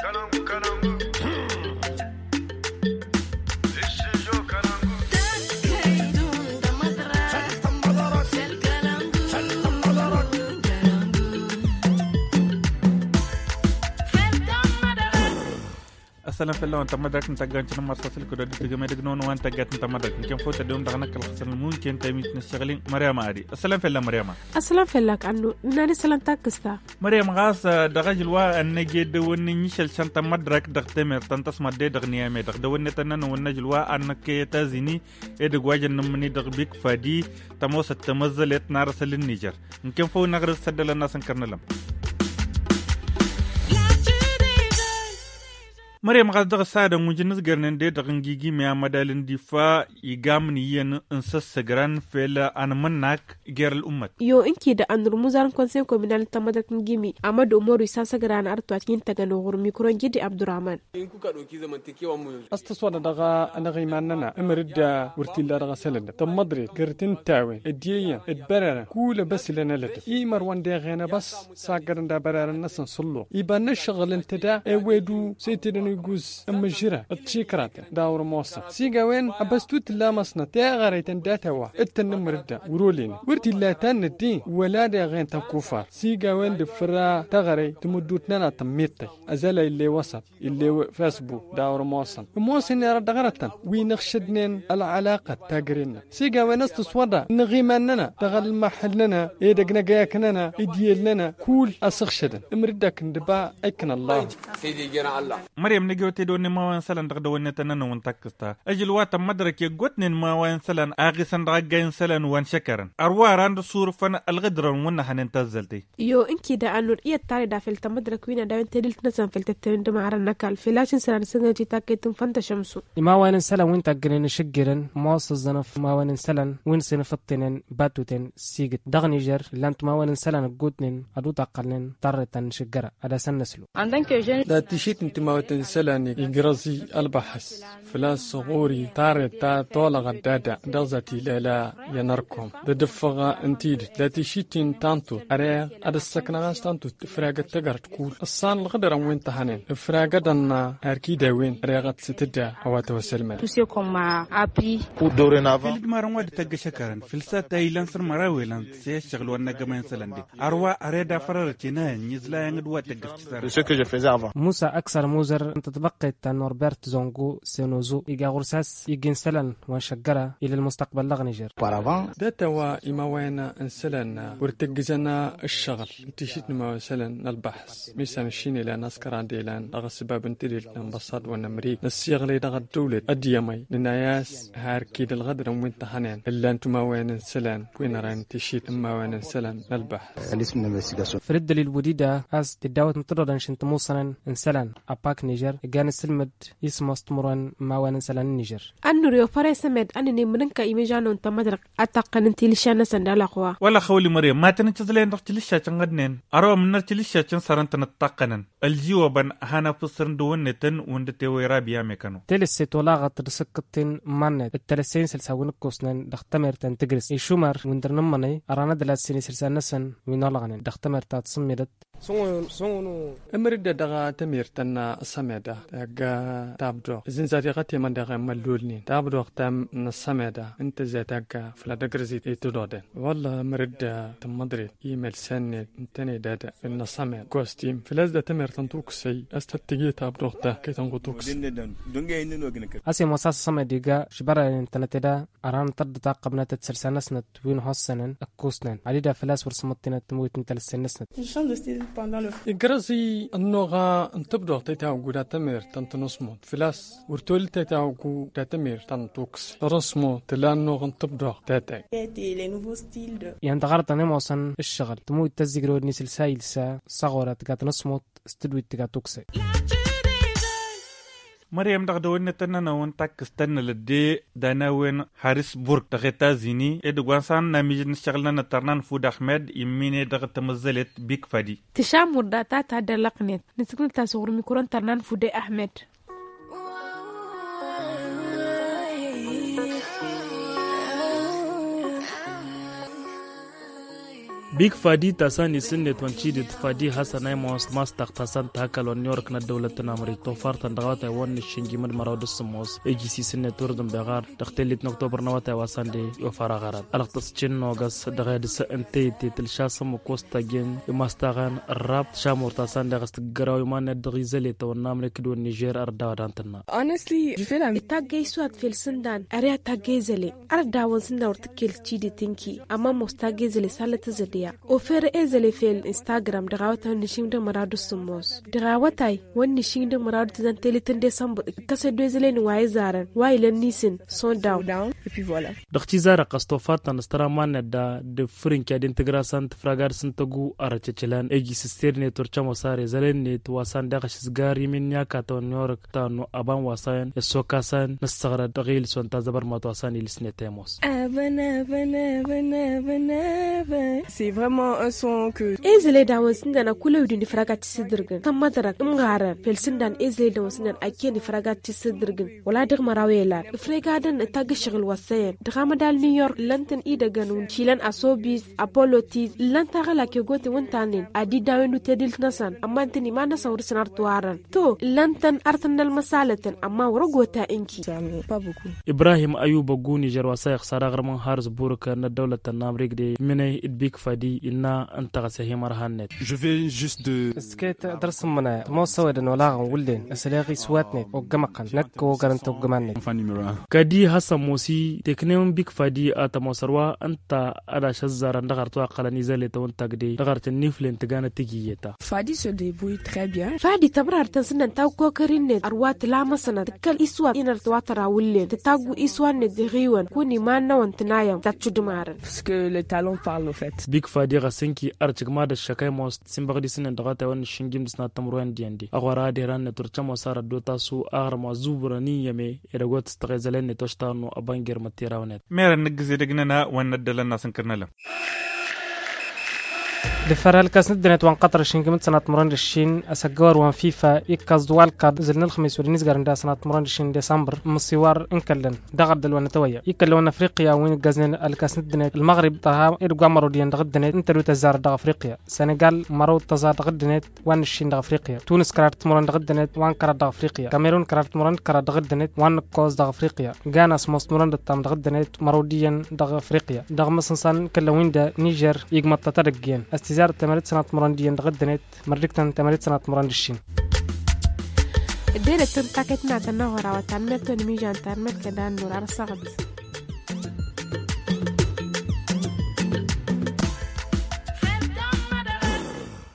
Caramba, caramba. Assalamualaikum fe lon tamad rek nta gan ci no marsa sel ko do dug me dug non wan ta gat nta mad rek ci fo ta dum tax nak al nani salam tak sta mariama gas da ga jul wa an ne ge de won ni xel san ta mad rek dax te mer tan tas mad de ni fadi tamo sa tamazalet na rasal niger ngi fo nak rasal la Maryam ga daga sa da mujin nasgarnin da daga gigi mai madalin difa igam ni yin in sassa gran fela an mannak geral ummat. Yo inki da an rumuzan konsen kominal ta madakin gimi Amadu Umaru isa sagara na artuwa cikin ta gano hur mikron gidi Abdurrahman. In kuka dauki zamantakewa mu yanzu. Astaswa da daga anaga imanana imarid da wurtin da daga salanda ta madrid gartin tawe ediyan edbarara kula bas lana lata imar wanda ya gana bas sagaran da bararan nasan sullo ibanna shagalin ta da ewedu sai ta da يجوز أما جرا تشيكرات داور موسى سيقاوين أبستوت لا مصنع تاغاري تنداتوا التنم ردا ورولين ورتي لا تان دي ولا دا غين تنكوفار سيقاوين دفرا تاغاري تمدوت نانا تميتي أزالا اللي وسط اللي فاسبو داور موسى موسى رد غرتن وين خشدنين العلاقة تاقرين سيقاوين استصودا نغيماننا تغل محلنا إيدقنا قاكننا إديالنا كول أسخشدن مردك ندبا أكن الله سيدي جنا الله يم نجوتي دون ما وين سلن دغدو وين تنن وين تكستا اجل وات مدرك يغوتن ما وين سلن اغي سندراجين سلن وين شكرن اروا راند صور فن الغدر وين هن تنزلتي يو انكي دا انو اي تاري دا فلت مدرك وين دا انت دلت نسن فلت تند ما رن نكال فلاشن سلن سنجي تاكيتن فنت شمسو ما وين سلن وين تاكرن شجرن موص الزنف ما وين سلن وين سنفتنن باتوتن سيجت دغنيجر لانت ما وين سلن جوتنن ادو تقلن ترتن شجره ادا سنسلو عندك جن دا تشيت انت ما وين سلاني إجرازي البحث فلا صغوري تارتا طولغ دادا دغزتي لالا ينركم ددفغة انتيد لاتي شيتين تانتو أريا أد السكنغاس تانتو تفراغة تقرت كول الصان الغدر وين تهانين فراغة دانا أركي داوين غد ستدى أواتو وسلمان توسيكم مع أبي ودورنافا الجمارة واد تقشكرن فلسات تايلانسر مراويلان سيشغلوا أنا كمان سلندي أروا أريدا فرارتنا نزلا ينقدوا تسار موسى أكثر موزر تتبقيت أن نوربرت زونغو سينوزو إيجا غرساس إيجين سلن وانشقرة إلى المستقبل لغنيجر داتا وإما وين انسلن ورتقزنا الشغل انتشيت ما وسلن البحث ميسان شيني لان أسكران ديلان أغسباب انتدل نبصد ونمريك نسيغلي دغ الدولة أديامي لناياس هاركيد الغدر وين تحنين إلا انتما وين انسلن وين ران تشيت نما وين انسلن البحث فرد للوديدة أس تداوت مطردا شنتموصنا انسلن أباك نيجر نجر جان سلمد يسمست مرن ما وان سلا نجر ان ريو فارس مد ان ني منك اي ميجان انت مدرك اتق انت لشان سندال اقوا ولا خول مريم ما تنتزلين رت لشا تنغدن ارو من رت لشا تن سرنت نتقنن الجيو هانا فسرن دون نتن وند تي ويرا ميكانو تلس تولا غت رسكتن من التلسين سلساون كوسنن دختمر تنتجرس اي شومر وندرن مني ارانا دلاسين سلسان سن وينالغن دختمر تاتسميرت سونو سونو امرد دغا تمير تن سمير السميدة تاقا تابدو زين زادي غاتي من داغي ملولنين تابدو تام نسميدة انت زي تاقا فلا دقرزي تدودن والله مرد تم مدريد ايميل سنة انتني دادا النسميد كوستيم فلاز دا تمر تنتوكسي استتجي تابدو تا كي تنغوتوكس اسي مصاص سميدة شبرا انتنتدا اران ترد تاقبنا تتسرسانسنا توين هوسنن اكوسنن عليدا فلاس ورسمتنا تموت انتلسنسنا الجرزي النغا انتبدو تيتا وقودات تاتمير تنتنصمود فلاس ورتول تتاوكو تاتمير تنتوكس ترسمو تلانو غنطبدا تاتاك يعني تغرط انا موصن الشغل تموت تزيقرو نسل سايلسا صغورة تقات نصمود استدوي تقات Maryam dag da wani tana na wani takis tana lade da na wani Harrisburg da ta zini edu gwansan na mijin shagla na tarnan Fud Ahmed imine dag ta mazalet Big Fadi. Tisha murda ta ta da laknet, nisikun ta sugurmi kuran tarnan Fude Ahmed. big fadi tasan isin ne tonci da fadi hasanai mos mastak tasan ta haka lon york na dawlatin amurka to fartan da wata wani shingi mad maraudu sumos egisi sin ne turdun begar dakhtel na oktobar na wata wasan da yo fara garat alaqtas cin nogas da gadi sa ente te til shasam kosta gen mastagan rap shamur tasan da gast garawi man ne da gizale to na amurka do niger ar da wadantanna honestly you feel am tagay suat fil sundan are tagay zale ar da wan sundan urtikil chidi tinki amma mostagay zale salata zale ya o fere e zele fel instagram da rawata ni da maradu sumos da rawatai wani da maradu tizan telitin de sambu kase do zele ni waye zaran waye len nisin son down down et puis voilà da ci zara kastofa tan straman da de furin kya din tigra sant fragar sun tagu arachilan egi sister ne turcha masare zele ne to wasan da kashis gari min ya ka to york ta no aban wasan so kasan nasagra da gil son ta zabar ma to wasan ilisne temos abana abana abana abana vraiment un son que ezele dawo wasin da na kula yudi fraga ti sidirgin tan madara im gara felsin dan ezele dawo wasin dan ake ni fraga ti sidirgin wala dig marawela fraga dan ta ga shigil wasayen daga madal new york lantin ida daga nun chilan asobis apollo ti lanta gala ke gote wontanin adi dawo wendu tedil nasan amma tani ma nasa wuri sanar tuwaran to lantan artanal masalatan amma wura gota inki ibrahim ayuba guni jarwa sayx saragar man haris burka na dawlatan namrig de mine idbik fadi دي إن أنت غسيه مرهانت جو في سكيت درس منا مو سويد ولا ولين أسلاقي سواتني وقمقا نك وقرنت وقماني كدي هسا موسي تكنيم بيك فادي آتا موسروا أنت على شزارا نغرت وقلا نزالي تون تقدي دغر تنفلين تغانا تجيتا فادي سو دي بوي تخابيا فادي تبرار تنسن تاو كوكرين أروات لا مسنا تكال إسوا إنر تواترا ولين تتاقو إسوا ندغيون كوني ما نو أنت نايم دمارن باسكو لو تالون بارلو فات بيك fadi rasinki archigma da shakai mos simbagdi sinan daga ta wani shingim disna tamruan diandi agwara deran ne turcha mosara dota su agar ma zubrani yame edagot stakazalen ne toshtanu abangir matirawanet mera nigzi dignana wannan dalan nasan karnalam دفر دفرالكاس ندنا توان قطر قمت سنة مران الشين أسجور وان فيفا إكاز دوال كاد زلنا الخميس ورينيز قرن دا سنة مران الشين ديسمبر مصيوار إنكلن دا دغد الوان تويا إكل لون أفريقيا وين جازن الكاس ندنا المغرب طها إرقا مرو ديان دغدنت دنا لو تزار دا أفريقيا سنغال مرو تزار دنا وان الشين دا أفريقيا تونس كرارت مران دنا وان كرا دا أفريقيا كاميرون كرارت مران كرا دنا وان كوز دا أفريقيا غانا سموس مران دتام دغدنت مرو ديان دا أفريقيا دا دغ كلا وين دا نيجر يجمع تترقين استزار زار تمرد سنة مرندي غدا نت مردكتن تمرد سنة مرندي الشين الديرة تنتاكت نعتنا غراوة تعمل تنميجان تعمل كدان نور أرسغبز